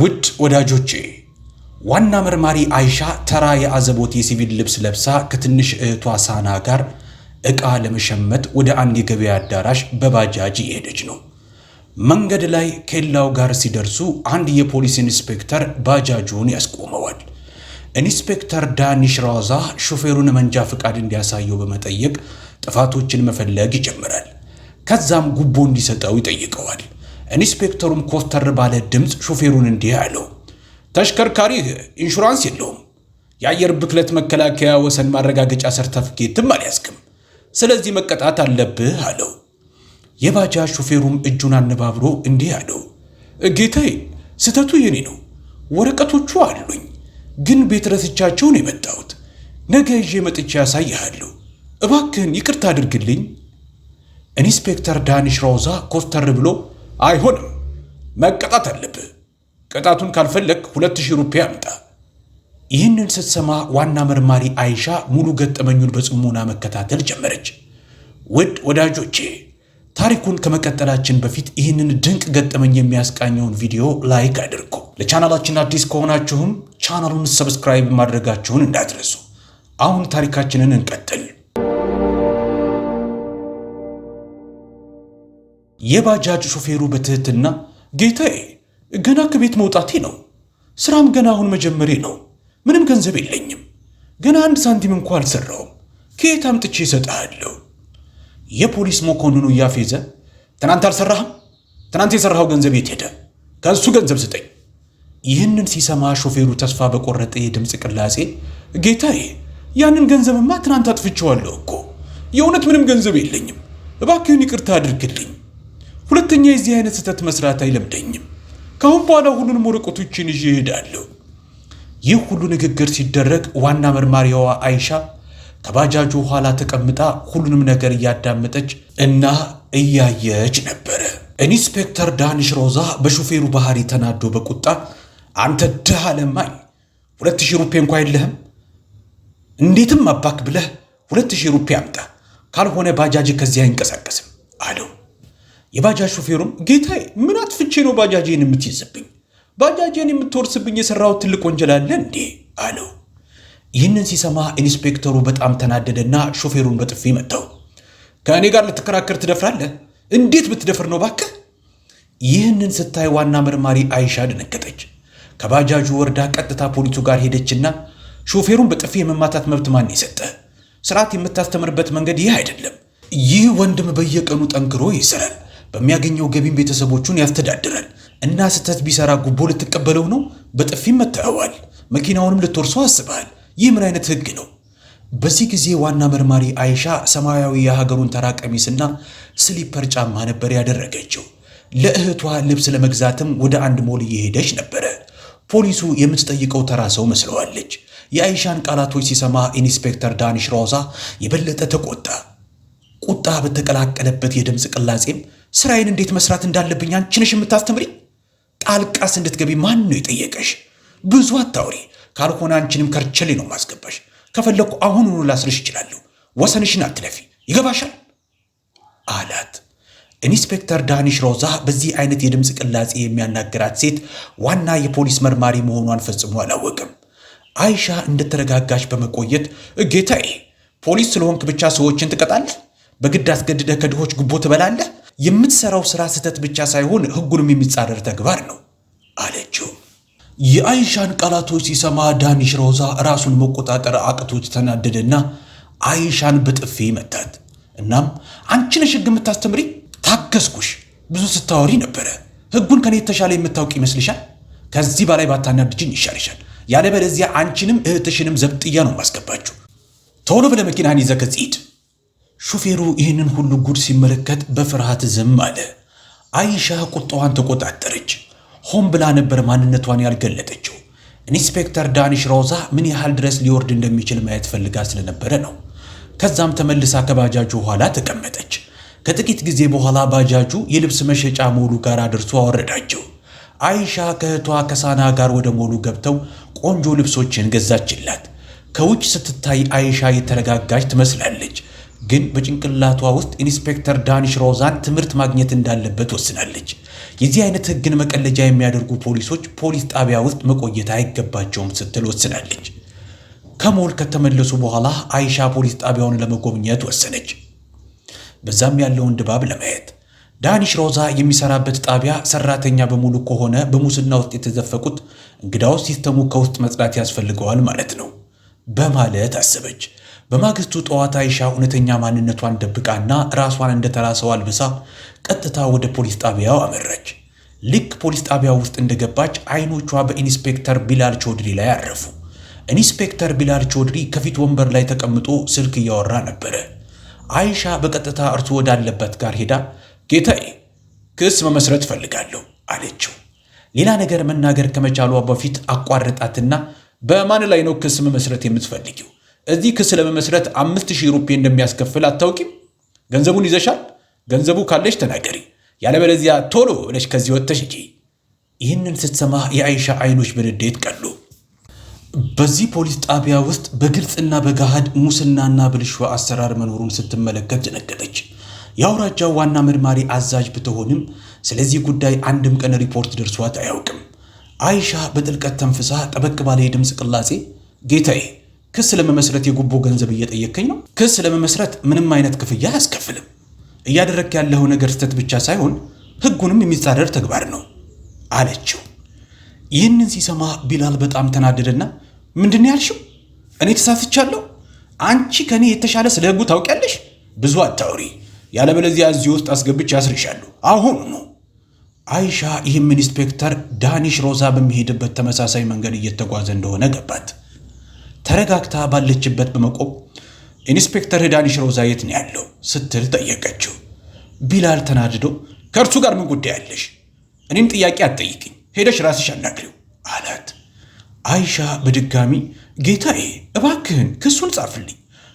ውድ ወዳጆቼ ዋና መርማሪ አይሻ ተራ የአዘቦት የሲቪል ልብስ ለብሳ ከትንሽ እህቷ ሳና ጋር ዕቃ ለመሸመት ወደ አንድ የገበያ አዳራሽ በባጃጅ እየሄደች ነው። መንገድ ላይ ኬላው ጋር ሲደርሱ አንድ የፖሊስ ኢንስፔክተር ባጃጁን ያስቆመዋል። ኢንስፔክተር ዳኒሽ ራዛ ሾፌሩን መንጃ ፈቃድ እንዲያሳየው በመጠየቅ ጥፋቶችን መፈለግ ይጀምራል። ከዛም ጉቦ እንዲሰጠው ይጠይቀዋል። ኢንስፔክተሩም ኮስተር ባለ ድምፅ ሾፌሩን እንዲህ አለው፣ ተሽከርካሪህ ኢንሹራንስ የለውም፣ የአየር ብክለት መከላከያ ወሰን ማረጋገጫ ሰርተፍኬትም አልያዝክም፣ ስለዚህ መቀጣት አለብህ አለው። የባጃ ሾፌሩም እጁን አነባብሮ እንዲህ አለው፣ ጌታዬ፣ ስህተቱ የኔ ነው። ወረቀቶቹ አሉኝ፣ ግን ቤት ረስቻቸውን የመጣሁት ነገ ይዤ መጥቼ ያሳይሃለሁ። እባክህን ይቅርታ አድርግልኝ። ኢንስፔክተር ዳንሽ ራውዛ ኮስተር ብሎ አይሆንም፣ መቀጣት አለብህ። ቅጣቱን ካልፈለግ ሁለት ሺህ ሩፔ አምጣ። ይህንን ስትሰማ ዋና መርማሪ አይሻ ሙሉ ገጠመኙን በጽሞና መከታተል ጀመረች። ውድ ወዳጆቼ ታሪኩን ከመቀጠላችን በፊት ይህንን ድንቅ ገጠመኝ የሚያስቃኘውን ቪዲዮ ላይክ አድርጉ። ለቻናላችን አዲስ ከሆናችሁም ቻናሉን ሰብስክራይብ ማድረጋችሁን እንዳትረሱ። አሁን ታሪካችንን እንቀጥል። የባጃጅ ሾፌሩ በትህትና ጌታዬ፣ ገና ከቤት መውጣቴ ነው። ስራም ገና አሁን መጀመሬ ነው። ምንም ገንዘብ የለኝም። ገና አንድ ሳንቲም እንኳ አልሰራውም። ከየት አምጥቼ እሰጥሃለሁ? የፖሊስ መኮንኑ እያፌዘ ትናንት አልሰራህም? ትናንት የሰራኸው ገንዘብ የት ሄደ? ከእሱ ገንዘብ ስጠኝ። ይህንን ሲሰማ ሾፌሩ ተስፋ በቆረጠ የድምፅ ቅላጼ ጌታዬ፣ ያንን ገንዘብማ ትናንት አጥፍቼዋለሁ እኮ የእውነት ምንም ገንዘብ የለኝም። እባክህን ይቅርታ አድርግልኝ ሁለተኛ የዚህ አይነት ስህተት መስራት አይለምደኝም። ከአሁን በኋላ ሁሉንም ወረቀቶችን ይዤ እሄዳለሁ። ይህ ሁሉ ንግግር ሲደረግ ዋና መርማሪዋ አይሻ ከባጃጁ ኋላ ተቀምጣ ሁሉንም ነገር እያዳመጠች እና እያየች ነበረ። ኢንስፔክተር ዳንሽ ሮዛ በሹፌሩ ባህሪ ተናዶ በቁጣ አንተ ድሃ ለማኝ ሁለት ሺህ ሩፔ እንኳ የለህም? እንዴትም አባክ ብለህ ሁለት ሺህ ሩፔ አምጣ፣ ካልሆነ ባጃጅ ከዚህ አይንቀሳቀስም አለው። የባጃጅ ሾፌሩም ጌታዬ ምን አትፍቼ ነው ባጃጄን የምትይዝብኝ? ባጃጄን የምትወርስብኝ የሠራሁት ትልቅ ወንጀል አለ እንዴ አለው። ይህንን ሲሰማ ኢንስፔክተሩ በጣም ተናደደና ሾፌሩን በጥፊ መታው። ከእኔ ጋር ልትከራከር ትደፍራለህ? እንዴት ብትደፍር ነው ባክህ? ይህንን ስታይ ዋና መርማሪ አይሻ ደነገጠች። ከባጃጁ ወርዳ ቀጥታ ፖሊሱ ጋር ሄደችና ሾፌሩን በጥፊ የመማታት መብት ማን የሰጠ? ስርዓት የምታስተምርበት መንገድ ይህ አይደለም። ይህ ወንድም በየቀኑ ጠንክሮ ይስራል። በሚያገኘው ገቢም ቤተሰቦቹን ያስተዳድራል እና ስህተት ቢሰራ ጉቦ ልትቀበለው ነው። በጥፊም መታኸዋል። መኪናውንም ልትወርሰው አስበሃል። ይህ ምን አይነት ህግ ነው? በዚህ ጊዜ ዋና መርማሪ አይሻ ሰማያዊ የሀገሩን ተራ ቀሚስና ስሊፐር ጫማ ነበር ያደረገችው። ለእህቷ ልብስ ለመግዛትም ወደ አንድ ሞል እየሄደች ነበረ። ፖሊሱ የምትጠይቀው ተራ ሰው መስለዋለች። የአይሻን ቃላቶች ሲሰማ ኢንስፔክተር ዳኒሽ ሮዛ የበለጠ ተቆጣ። ቁጣ በተቀላቀለበት የድምፅ ቅላጼም ስራዬን እንዴት መስራት እንዳለብኝ አንቺ ነሽ የምታስተምሪ? ጣልቃስ እንድትገቢ ማን ነው የጠየቀሽ? ብዙ አታውሪ፣ ካልሆነ አንቺንም ከርቸሌ ነው ማስገባሽ። ከፈለግኩ አሁኑኑ ላስርሽ እችላለሁ። ወሰንሽን አትለፊ፣ ይገባሻል? አላት። ኢንስፔክተር ዳኒሽ ሮዛ በዚህ አይነት የድምፅ ቅላጼ የሚያናገራት ሴት ዋና የፖሊስ መርማሪ መሆኗን ፈጽሞ አላወቅም። አይሻ እንደተረጋጋች በመቆየት ጌታዬ፣ ፖሊስ ስለሆንክ ብቻ ሰዎችን ትቀጣለህ? በግድ አስገድደህ ከድሆች ጉቦ ትበላለህ። የምትሰራው ስራ ስህተት ብቻ ሳይሆን ህጉንም የሚጻረር ተግባር ነው አለችው። የአይሻን ቃላቶች ሲሰማ ዳኒሽ ሮዛ ራሱን መቆጣጠር አቅቶት ተናደደና አይሻን በጥፊ መታት። እናም አንቺ ነሽ ሕግ የምታስተምሪ? ታገስኩሽ። ብዙ ስታወሪ ነበረ። ህጉን ከኔ የተሻለ የምታውቅ ይመስልሻል? ከዚህ በላይ ባታናድጅኝ ይሻልሻል። ያለበለዚያ አንቺንም እህትሽንም ዘብጥያ ነው ማስገባችሁ። ቶሎ ብለህ መኪናህን ይዘህ ከዚህ ሂድ። ሹፌሩ ይህንን ሁሉ ጉድ ሲመለከት በፍርሃት ዝም አለ። አይሻ ቁጣዋን ተቆጣጠረች። ሆን ብላ ነበር ማንነቷን ያልገለጠችው። ኢንስፔክተር ዳኒሽ ሮዛ ምን ያህል ድረስ ሊወርድ እንደሚችል ማየት ፈልጋ ስለነበረ ነው። ከዛም ተመልሳ ከባጃጁ ኋላ ተቀመጠች። ከጥቂት ጊዜ በኋላ ባጃጁ የልብስ መሸጫ ሞሉ ጋር አድርሶ አወረዳቸው። አይሻ ከእህቷ ከሳና ጋር ወደ ሞሉ ገብተው ቆንጆ ልብሶችን ገዛችላት። ከውጭ ስትታይ አይሻ የተረጋጋች ትመስላለች። ግን በጭንቅላቷ ውስጥ ኢንስፔክተር ዳኒሽ ሮዛን ትምህርት ማግኘት እንዳለበት ወስናለች። የዚህ አይነት ህግን መቀለጃ የሚያደርጉ ፖሊሶች ፖሊስ ጣቢያ ውስጥ መቆየት አይገባቸውም ስትል ወስናለች። ከሞል ከተመለሱ በኋላ አይሻ ፖሊስ ጣቢያውን ለመጎብኘት ወሰነች፣ በዛም ያለውን ድባብ ለማየት። ዳኒሽ ሮዛ የሚሰራበት ጣቢያ ሰራተኛ በሙሉ ከሆነ በሙስና ውስጥ የተዘፈቁት እንግዳው ሲስተሙ ከውስጥ መጽዳት ያስፈልገዋል ማለት ነው በማለት አሰበች። በማግስቱ ጠዋት አይሻ እውነተኛ ማንነቷን ደብቃና ራሷን እንደተላሰው አልብሳ ቀጥታ ወደ ፖሊስ ጣቢያው አመራች። ልክ ፖሊስ ጣቢያ ውስጥ እንደገባች አይኖቿ በኢንስፔክተር ቢላል ቾድሪ ላይ አረፉ። ኢንስፔክተር ቢላል ቾድሪ ከፊት ወንበር ላይ ተቀምጦ ስልክ እያወራ ነበረ። አይሻ በቀጥታ እርሱ ወዳለበት ጋር ሄዳ ጌታዬ፣ ክስ መመስረት እፈልጋለሁ አለችው። ሌላ ነገር መናገር ከመቻሏ በፊት አቋርጣትና በማን ላይ ነው ክስ መመስረት የምትፈልጊው? እዚህ ክስ ለመመስረት አምስት ሺህ ሩፒ እንደሚያስከፍል አታውቂም? ገንዘቡን ይዘሻል? ገንዘቡ ካለሽ ተናገሪ፣ ያለበለዚያ ቶሎ ብለሽ ከዚህ ወጥተሽ ሂጂ። ይህንን ስትሰማ የአይሻ አይኖች በንዴት ቀሉ። በዚህ ፖሊስ ጣቢያ ውስጥ በግልጽና በገሃድ ሙስናና ብልሹ አሰራር መኖሩን ስትመለከት ደነገጠች። የአውራጃው ዋና መርማሪ አዛዥ ብትሆንም ስለዚህ ጉዳይ አንድም ቀን ሪፖርት ደርሷት አያውቅም። አይሻ በጥልቀት ተንፍሳ ጠበቅ ባለ የድምፅ ቅላጼ ጌታዬ ክስ ለመመስረት የጉቦ ገንዘብ እየጠየከኝ ነው። ክስ ለመመስረት ምንም አይነት ክፍያ አያስከፍልም። እያደረክ ያለው ነገር ስተት ብቻ ሳይሆን ህጉንም የሚጻረር ተግባር ነው አለችው። ይህንን ሲሰማ ቢላል በጣም ተናደደና ምንድን ያልሽው? እኔ ተሳስቻለሁ? አንቺ ከእኔ የተሻለ ስለ ህጉ ታውቂያለሽ። ብዙ አታውሪ፣ ያለበለዚያ እዚህ ውስጥ አስገብቼ ያስርሻሉ። አሁን ነው አይሻ ይህም ኢንስፔክተር ዳኒሽ ሮዛ በሚሄድበት ተመሳሳይ መንገድ እየተጓዘ እንደሆነ ገባት። ተረጋግታ ባለችበት በመቆም ኢንስፔክተር ዳንሽረው ዛየት ነው ያለው ስትል ጠየቀችው። ቢላል ተናድዶ ከእርሱ ጋር ምን ጉዳይ አለሽ? እኔን ጥያቄ አትጠይቅኝ፣ ሄደሽ ራስሽ አናግሪው አላት። አይሻ በድጋሚ ጌታዬ፣ እባክህን ክሱን ጻፍልኝ፣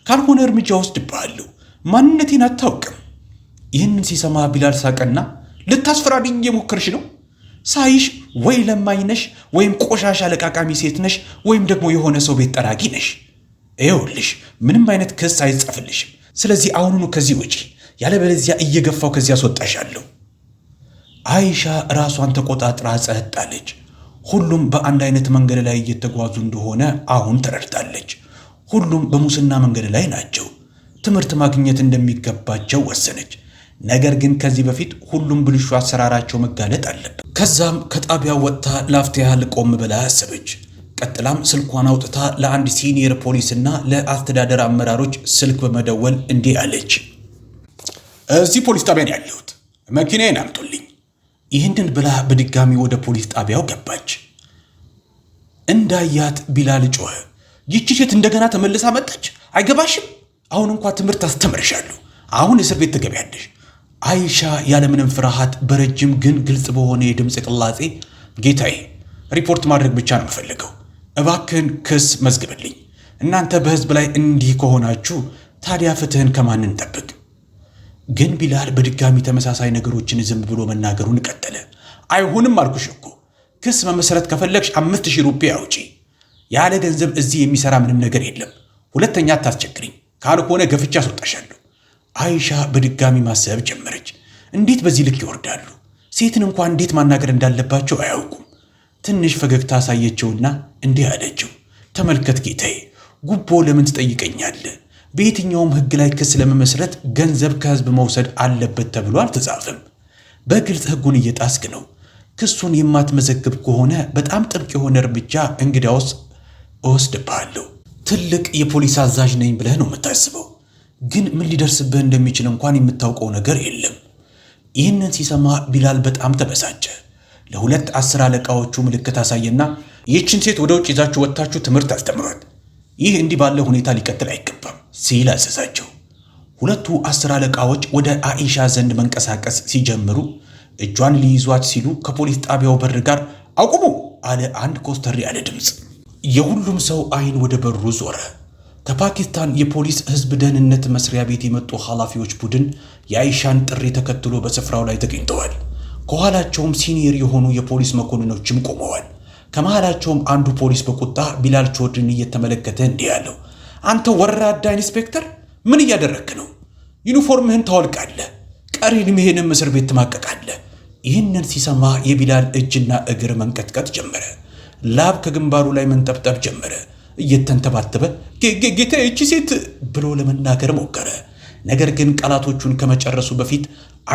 ካልሆነ እርምጃ ወስድብሃለሁ፣ ማንነቴን አታውቅም። ይህንን ሲሰማ ቢላል ሳቀና ልታስፈራድኝ የሞከርሽ ነው ሳይሽ ወይ ለማኝ ነሽ ወይም ቆሻሻ ለቃቃሚ ሴት ነሽ ወይም ደግሞ የሆነ ሰው ቤት ጠራጊ ነሽ። ይኸውልሽ ምንም አይነት ክስ አይጻፍልሽም። ስለዚህ አሁኑኑ ከዚህ ውጪ፣ ያለበለዚያ እየገፋው ከዚህ አስወጣሻለሁ። አይሻ ራሷን ተቆጣጥራ ጸጥ አለች። ሁሉም በአንድ አይነት መንገድ ላይ እየተጓዙ እንደሆነ አሁን ተረድታለች። ሁሉም በሙስና መንገድ ላይ ናቸው። ትምህርት ማግኘት እንደሚገባቸው ወሰነች። ነገር ግን ከዚህ በፊት ሁሉም ብልሹ አሰራራቸው መጋለጥ አለበት። ከዛም ከጣቢያ ወጥታ ላፍታ ያህል ቆም ብላ አሰበች። ቀጥላም ስልኳን አውጥታ ለአንድ ሲኒየር ፖሊስና ለአስተዳደር አመራሮች ስልክ በመደወል እንዲህ አለች። እዚህ ፖሊስ ጣቢያን ያለሁት፣ መኪናዬን አምጡልኝ። ይህንን ብላ በድጋሚ ወደ ፖሊስ ጣቢያው ገባች። እንዳያት ቢላል ጮኸ። ይቺ ሴት እንደገና ተመልሳ መጣች። አይገባሽም። አሁን እንኳ ትምህርት አስተምርሻለሁ። አሁን እስር ቤት ትገቢያለሽ። አይሻ ያለምንም ፍርሃት በረጅም ግን ግልጽ በሆነ የድምፅ ቅላጼ ጌታዬ፣ ሪፖርት ማድረግ ብቻ ነው የምፈልገው። እባክህን ክስ መዝግብልኝ። እናንተ በህዝብ ላይ እንዲህ ከሆናችሁ ታዲያ ፍትህን ከማን እንጠብቅ? ግን ቢላል በድጋሚ ተመሳሳይ ነገሮችን ዝም ብሎ መናገሩን ቀጠለ። አይሁንም አልኩሽ እኮ ክስ መመሰረት ከፈለግሽ አምስት ሺህ ሩፒ አውጪ። ያለ ገንዘብ እዚህ የሚሰራ ምንም ነገር የለም። ሁለተኛ አታስቸግርኝ፣ ካልሆነ ገፍቼ አስወጣሻለሁ። አይሻ በድጋሚ ማሰብ ጀመረች። እንዴት በዚህ ልክ ይወርዳሉ? ሴትን እንኳን እንዴት ማናገር እንዳለባቸው አያውቁም። ትንሽ ፈገግታ አሳየችውና እንዲህ አለችው፣ ተመልከት ጌታዬ፣ ጉቦ ለምን ትጠይቀኛለህ? በየትኛውም ሕግ ላይ ክስ ለመመስረት ገንዘብ ከሕዝብ መውሰድ አለበት ተብሎ አልተጻፈም። በግልጽ ሕጉን እየጣስክ ነው። ክሱን የማትመዘግብ ከሆነ በጣም ጥብቅ የሆነ እርምጃ እወስድ እወስድብሃለሁ። ትልቅ የፖሊስ አዛዥ ነኝ ብለህ ነው የምታስበው። ግን ምን ሊደርስብህ እንደሚችል እንኳን የምታውቀው ነገር የለም። ይህንን ሲሰማ ቢላል በጣም ተበሳጨ። ለሁለት አስር አለቃዎቹ ምልክት አሳየና ይህችን ሴት ወደ ውጭ ይዛችሁ ወጥታችሁ ትምህርት አስተምሯል። ይህ እንዲህ ባለ ሁኔታ ሊቀጥል አይገባም ሲል አዘዛቸው። ሁለቱ አስር አለቃዎች ወደ አኢሻ ዘንድ መንቀሳቀስ ሲጀምሩ እጇን ሊይዟት ሲሉ ከፖሊስ ጣቢያው በር ጋር አቁሙ አለ አንድ ኮስተር ያለ ድምፅ። የሁሉም ሰው አይን ወደ በሩ ዞረ። ከፓኪስታን የፖሊስ ሕዝብ ደህንነት መስሪያ ቤት የመጡ ኃላፊዎች ቡድን የአይሻን ጥሪ ተከትሎ በስፍራው ላይ ተገኝተዋል። ከኋላቸውም ሲኒየር የሆኑ የፖሊስ መኮንኖችም ቆመዋል። ከመሃላቸውም አንዱ ፖሊስ በቁጣ ቢላል ቾድሪን እየተመለከተ እንዲህ ያለው፣ አንተ ወራዳ ኢንስፔክተር ምን እያደረግክ ነው? ዩኒፎርምህን ታወልቃለህ፣ ቀሪ ዕድሜህንም እስር ቤት ትማቀቃለህ። ይህንን ሲሰማ የቢላል እጅና እግር መንቀጥቀጥ ጀመረ። ላብ ከግንባሩ ላይ መንጠብጠብ ጀመረ። እየተንተባተበ ጌታ እቺ ሴት ብሎ ለመናገር ሞከረ። ነገር ግን ቃላቶቹን ከመጨረሱ በፊት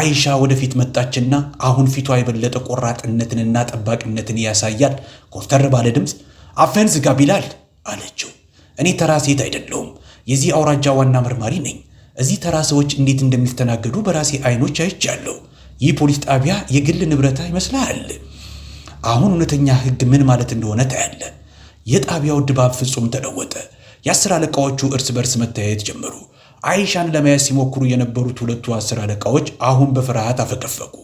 አይሻ ወደፊት መጣችና አሁን ፊቷ የበለጠ ቆራጥነትንና ጠባቂነትን ያሳያል። ኮስተር ባለ ድምፅ አፈን ዝጋ ቢላል አለችው። እኔ ተራ ሴት አይደለሁም፣ የዚህ አውራጃ ዋና መርማሪ ነኝ። እዚህ ተራ ሰዎች እንዴት እንደሚስተናገዱ በራሴ አይኖች አይቻለሁ። ይህ ፖሊስ ጣቢያ የግል ንብረታ ይመስላል አሁን እውነተኛ ህግ ምን ማለት እንደሆነ ታያለ። የጣቢያው ድባብ ፍጹም ተለወጠ። የአስር አለቃዎቹ እርስ በርስ መተያየት ጀመሩ። አይሻን ለመያዝ ሲሞክሩ የነበሩት ሁለቱ አስር አለቃዎች አሁን በፍርሃት አፈገፈጉ።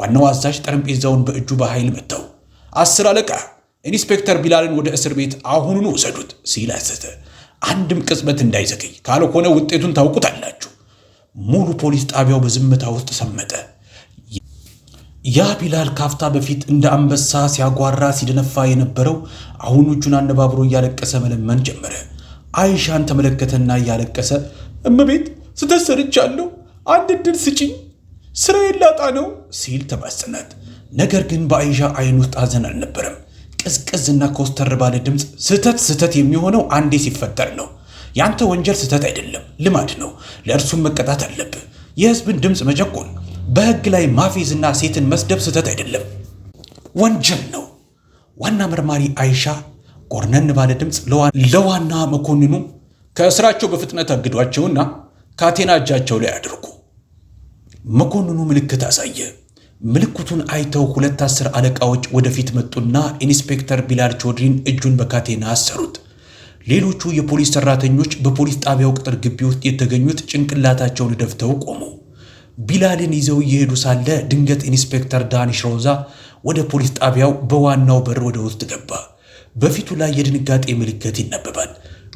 ዋናው አዛዥ ጠረጴዛውን በእጁ በኃይል መታው። አስር አለቃ ኢንስፔክተር ቢላልን ወደ እስር ቤት አሁኑን ውሰዱት ሲል አዘዘ። አንድም ቅጽበት እንዳይዘገይ፣ ካልሆነ ውጤቱን ታውቁታላችሁ። ሙሉ ፖሊስ ጣቢያው በዝምታ ውስጥ ሰመጠ። ያ ቢላል ካፍታ በፊት እንደ አንበሳ ሲያጓራ ሲደነፋ የነበረው አሁን እጁን አነባብሮ እያለቀሰ መለመን ጀመረ። አይሻን ተመለከተና እያለቀሰ እመቤት ስተሰርቻለሁ፣ አንድ ድል ስጪኝ፣ ስራ የላጣ ነው ሲል ተማጸናት። ነገር ግን በአይሻ አይን ውስጥ አዘን አልነበረም። ቅዝቅዝና ኮስተር ባለ ድምፅ ስህተት ስህተት የሚሆነው አንዴ ሲፈጠር ነው። ያንተ ወንጀል ስህተት አይደለም፣ ልማድ ነው። ለእርሱም መቀጣት አለብህ። የህዝብን ድምፅ መጨቆን በህግ ላይ ማፌዝና ሴትን መስደብ ስህተት አይደለም፣ ወንጀል ነው። ዋና መርማሪ አይሻ ጎርነን ባለ ድምፅ ለዋና መኮንኑ ከእስራቸው በፍጥነት አግዷቸውና ካቴና እጃቸው ላይ አድርጉ። መኮንኑ ምልክት አሳየ። ምልክቱን አይተው ሁለት አስር አለቃዎች ወደፊት መጡና ኢንስፔክተር ቢላል ቾድሪን እጁን በካቴና አሰሩት። ሌሎቹ የፖሊስ ሰራተኞች በፖሊስ ጣቢያው ቅጥር ግቢ ውስጥ የተገኙት ጭንቅላታቸውን ደፍተው ቆሙ። ቢላልን ይዘው እየሄዱ ሳለ ድንገት ኢንስፔክተር ዳኒሽ ሮዛ ወደ ፖሊስ ጣቢያው በዋናው በር ወደ ውስጥ ገባ። በፊቱ ላይ የድንጋጤ ምልክት ይነበባል፣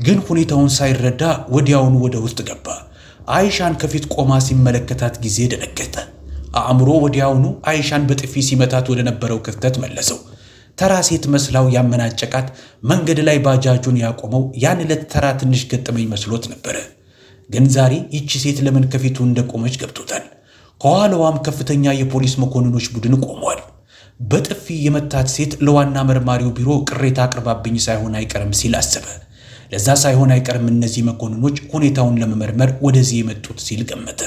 ግን ሁኔታውን ሳይረዳ ወዲያውኑ ወደ ውስጥ ገባ። አይሻን ከፊት ቆማ ሲመለከታት ጊዜ ደነገጠ። አእምሮ ወዲያውኑ አይሻን በጥፊ ሲመታት ወደ ነበረው ክፍተት መለሰው። ተራ ሴት መስላው ያመናጨቃት መንገድ ላይ ባጃጁን ያቆመው ያን ዕለት ተራ ትንሽ ገጠመኝ መስሎት ነበረ። ግን ዛሬ ይቺ ሴት ለምን ከፊቱ እንደቆመች ገብቶታል። ከኋላዋም ከፍተኛ የፖሊስ መኮንኖች ቡድን ቆሟል። በጥፊ የመታት ሴት ለዋና መርማሪው ቢሮ ቅሬታ አቅርባብኝ ሳይሆን አይቀርም ሲል አሰበ። ለዛ ሳይሆን አይቀርም እነዚህ መኮንኖች ሁኔታውን ለመመርመር ወደዚህ የመጡት ሲል ገመተ።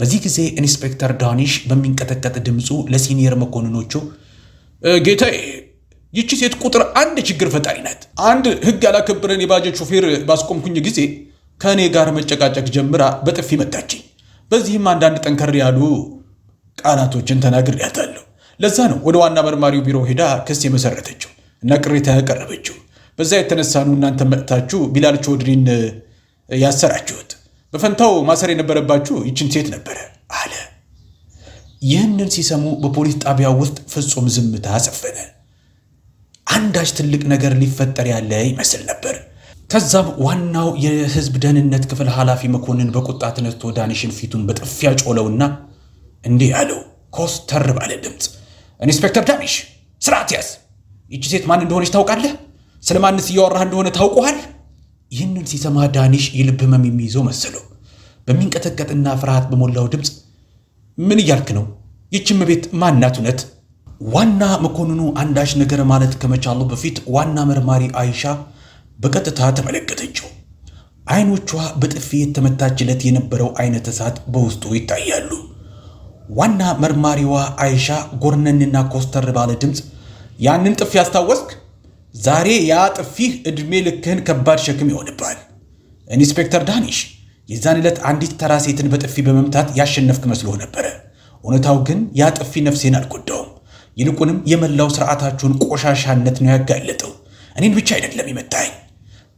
በዚህ ጊዜ ኢንስፔክተር ዳኒሽ በሚንቀጠቀጥ ድምፁ ለሲኒየር መኮንኖቹ ጌታዬ፣ ይቺ ሴት ቁጥር አንድ ችግር ፈጣሪ ናት። አንድ ህግ ያላከበረን የባጃጅ ሾፌር ባስቆምኩኝ ጊዜ ከእኔ ጋር መጨቃጨቅ ጀምራ በጥፊ መታችኝ። በዚህም አንዳንድ ጠንከር ያሉ ቃላቶችን ተናግሬያታለሁ። ለዛ ነው ወደ ዋና መርማሪው ቢሮ ሄዳ ክስ የመሰረተችው እና ቅሬታ ያቀረበችው። በዛ የተነሳ ነው እናንተ መጥታችሁ ቢላል ቾድሪን ያሰራችሁት። በፈንታው ማሰር የነበረባችሁ ይችን ሴት ነበረ አለ። ይህንን ሲሰሙ በፖሊስ ጣቢያ ውስጥ ፍጹም ዝምታ ሰፈነ። አንዳች ትልቅ ነገር ሊፈጠር ያለ ይመስል ነበር። ከዛም ዋናው የህዝብ ደህንነት ክፍል ኃላፊ መኮንን በቁጣ ተነስቶ ዳንሽን ፊቱን በጥፊያ ጮለውና እንዲህ ያለው ኮስተር ባለ ድምፅ፣ ኢንስፔክተር ዳንሽ ስርዓት ያዝ! ይቺ ሴት ማን እንደሆነች ታውቃለህ? ስለ ማንስ እያወራህ እንደሆነ ታውቀዋል? ይህንን ሲሰማ ዳንሽ የልብ ህመም የሚይዘው መሰለው። በሚንቀጠቀጥና ፍርሃት በሞላው ድምፅ ምን እያልክ ነው? ይችም ቤት ማናት? እውነት ዋና መኮንኑ አንዳች ነገር ማለት ከመቻሉ በፊት ዋና መርማሪ አይሻ በቀጥታ ተመለከተችው። አይኖቿ በጥፊ የተመታችለት የነበረው አይነት እሳት በውስጡ ይታያሉ። ዋና መርማሪዋ አይሻ ጎርነንና ኮስተር ባለ ድምፅ ያንን ጥፊ አስታወስክ? ዛሬ ያ ጥፊህ ዕድሜ ልክህን ከባድ ሸክም ይሆንብሃል። ኢንስፔክተር ዳኒሽ የዛን ዕለት አንዲት ተራ ሴትን በጥፊ በመምታት ያሸነፍክ መስሎ ነበረ። እውነታው ግን ያ ጥፊ ነፍሴን አልጎዳውም። ይልቁንም የመላው ስርዓታችሁን ቆሻሻነት ነው ያጋለጠው። እኔን ብቻ አይደለም ይመታኝ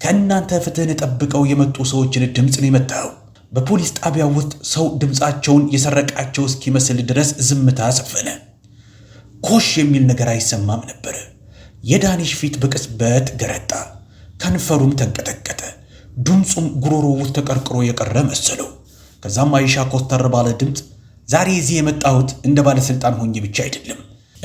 ከእናንተ ፍትህን ጠብቀው የመጡ ሰዎችን ድምፅ ነው የመታው። በፖሊስ ጣቢያ ውስጥ ሰው ድምፃቸውን የሰረቃቸው እስኪመስል ድረስ ዝምታ ሰፈነ። ኮሽ የሚል ነገር አይሰማም ነበር። የዳኒሽ ፊት በቅጽበት ገረጣ፣ ከንፈሩም ተንቀጠቀጠ። ድምፁም ጉሮሮ ውስጥ ተቀርቅሮ የቀረ መሰለው። ከዛም አይሻ ኮስተር ባለ ድምፅ ዛሬ እዚህ የመጣሁት እንደ ባለሥልጣን ሆኜ ብቻ አይደለም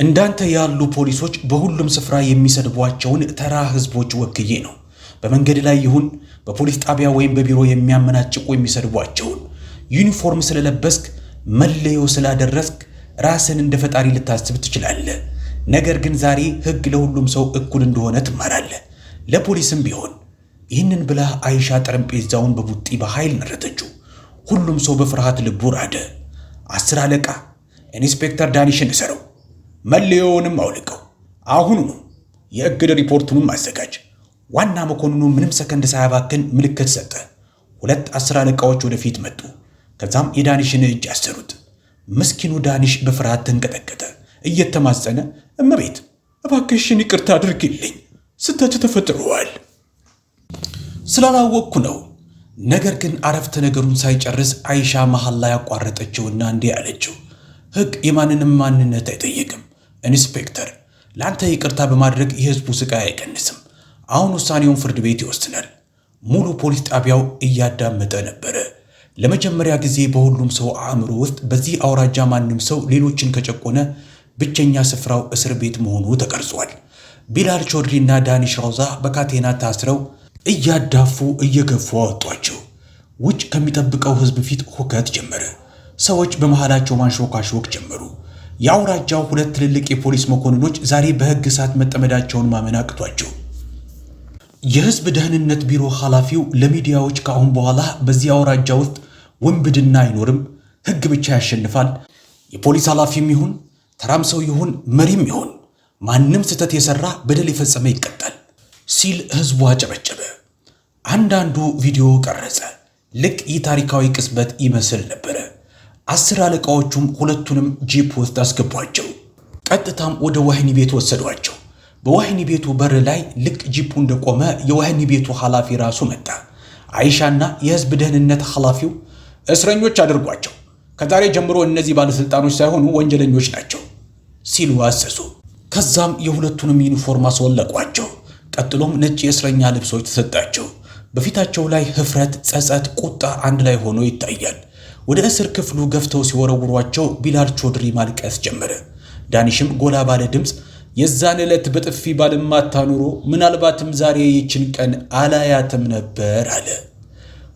እንዳንተ ያሉ ፖሊሶች በሁሉም ስፍራ የሚሰድቧቸውን ተራ ህዝቦች ወክዬ ነው በመንገድ ላይ ይሁን በፖሊስ ጣቢያ ወይም በቢሮ የሚያመናጭቁ የሚሰድቧቸውን ዩኒፎርም ስለለበስክ መለዮ ስላደረስክ ራስን እንደ ፈጣሪ ልታስብ ትችላለህ። ነገር ግን ዛሬ ሕግ ለሁሉም ሰው እኩል እንደሆነ ትማራለህ። ለፖሊስም ቢሆን ይህንን ብላ አይሻ ጠረጴዛውን በቡጢ በኃይል ነረተችው። ሁሉም ሰው በፍርሃት ልቡ ራደ። አስር አለቃ ኢንስፔክተር ዳኒሽን እሰረው፣ መለዮውንም አውልቀው፣ አሁኑ የእግድ ሪፖርቱንም አዘጋጅ። ዋና መኮንኑ ምንም ሰከንድ ሳያባክን ምልክት ሰጠ። ሁለት አስር አለቃዎች ወደፊት መጡ። ከዛም የዳኒሽን እጅ አሰሩት። ምስኪኑ ዳኒሽ በፍርሃት ተንቀጠቀጠ። እየተማጸነ እመቤት እባክሽን ይቅርታ አድርግልኝ፣ ስህተት ተፈጥሯል ስላላወቅኩ ነው። ነገር ግን አረፍተ ነገሩን ሳይጨርስ አይሻ መሀል ላይ ያቋረጠችውና እንዲህ አለችው። ህግ የማንንም ማንነት አይጠይቅም። ኢንስፔክተር፣ ለአንተ ይቅርታ በማድረግ የህዝቡ ስቃይ አይቀንስም። አሁን ውሳኔውን ፍርድ ቤት ይወስናል። ሙሉ ፖሊስ ጣቢያው እያዳመጠ ነበረ። ለመጀመሪያ ጊዜ በሁሉም ሰው አእምሮ ውስጥ በዚህ አውራጃ ማንም ሰው ሌሎችን ከጨቆነ ብቸኛ ስፍራው እስር ቤት መሆኑ ተቀርጿል። ቢላል እና ዳኒሽ ራውዛ በካቴና ታስረው እያዳፉ እየገፉ አወጧቸው። ውጭ ከሚጠብቀው ሕዝብ ፊት ሁከት ጀመረ። ሰዎች በመሃላቸው ማንሾካሾክ ጀመሩ። የአውራጃው ሁለት ትልልቅ የፖሊስ መኮንኖች ዛሬ በሕግ እሳት መጠመዳቸውን ማመን አቅቷቸው የህዝብ ደህንነት ቢሮ ኃላፊው ለሚዲያዎች ከአሁን በኋላ በዚህ አውራጃ ውስጥ ውንብድና አይኖርም፣ ህግ ብቻ ያሸንፋል። የፖሊስ ኃላፊም ይሁን ተራም ሰው ይሁን መሪም ይሁን ማንም ስህተት የሰራ በደል የፈጸመ ይቀጣል ሲል ህዝቡ አጨበጨበ። አንዳንዱ ቪዲዮ ቀረጸ። ልክ ይህ ታሪካዊ ቅጽበት ይመስል ነበረ። አስር አለቃዎቹም ሁለቱንም ጂፕ ውስጥ አስገቧቸው። ቀጥታም ወደ ወህኒ ቤት ወሰዷቸው። በወህኒ ቤቱ በር ላይ ልክ ጂፑ እንደቆመ የወህኒ ቤቱ ኃላፊ ራሱ መጣ። አይሻና የህዝብ ደህንነት ኃላፊው እስረኞች አድርጓቸው፣ ከዛሬ ጀምሮ እነዚህ ባለሥልጣኖች ሳይሆኑ ወንጀለኞች ናቸው ሲሉ አዘዙ። ከዛም የሁለቱንም ዩኒፎርም አስወለቋቸው። ቀጥሎም ነጭ የእስረኛ ልብሶች ተሰጣቸው። በፊታቸው ላይ ህፍረት፣ ጸጸት፣ ቁጣ አንድ ላይ ሆኖ ይታያል። ወደ እስር ክፍሉ ገፍተው ሲወረውሯቸው ቢላል ቾድሪ ማልቀስ ጀመረ። ዳኒሽም ጎላ ባለ ድምፅ የዛን ዕለት በጥፊ ባልማታ ኑሮ ምናልባትም ዛሬ ይችን ቀን አላያትም ነበር አለ።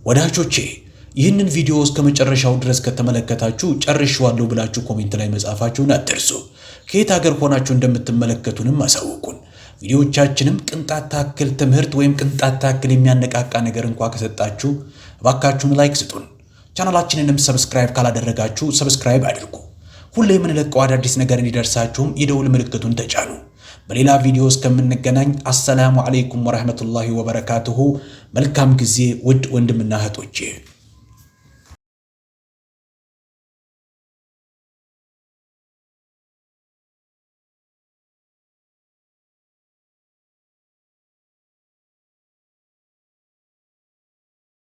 ወዳጆቼ ይህንን ቪዲዮ እስከ መጨረሻው ድረስ ከተመለከታችሁ ጨርሼዋለሁ ብላችሁ ኮሜንት ላይ መጻፋችሁን አትርሱ። ከየት ሀገር ሆናችሁ እንደምትመለከቱንም አሳውቁን። ቪዲዮቻችንም ቅንጣት ታክል ትምህርት ወይም ቅንጣት ታክል የሚያነቃቃ ነገር እንኳ ከሰጣችሁ እባካችሁን ላይክ ስጡን። ቻናላችንንም ሰብስክራይብ ካላደረጋችሁ ሰብስክራይብ አድርጉ። ሁሌ የምንለቀው አዳዲስ ነገር እንዲደርሳችሁም የደውል ምልክቱን ተጫኑ። በሌላ ቪዲዮ እስከምንገናኝ አሰላሙ አለይኩም ወራህመቱላሂ ወበረካቱሁ። መልካም ጊዜ ውድ ወንድምና እህቶቼ።